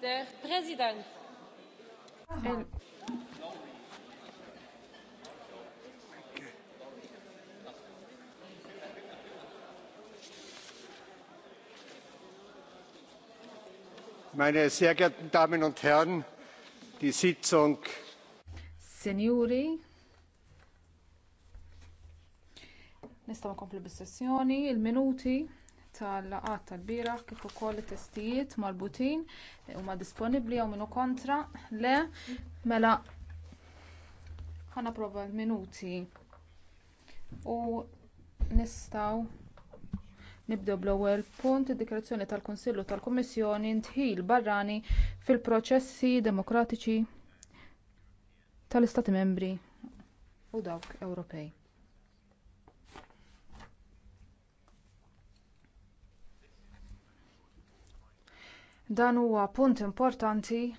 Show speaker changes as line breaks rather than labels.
Der Präsident. El
Meine sehr geehrten Damen und Herren, die Sitzung.
Signori, nistaw nkomplu bis-sessjoni, il-minuti tal-laqgħat tal-bieraħ kif ukoll it-testijiet marbutin huma disponibbli jew minnu kontra le mela Ħanaprova l-minuti u nistgħu nibdew bl-ewwel punt id-dikjarazzjoni tal-kunsill u tal-kummissjoni ntħil barrani fil-proċessi demokratiċi tal-istati membri u dawk ewropej dan huwa punt importanti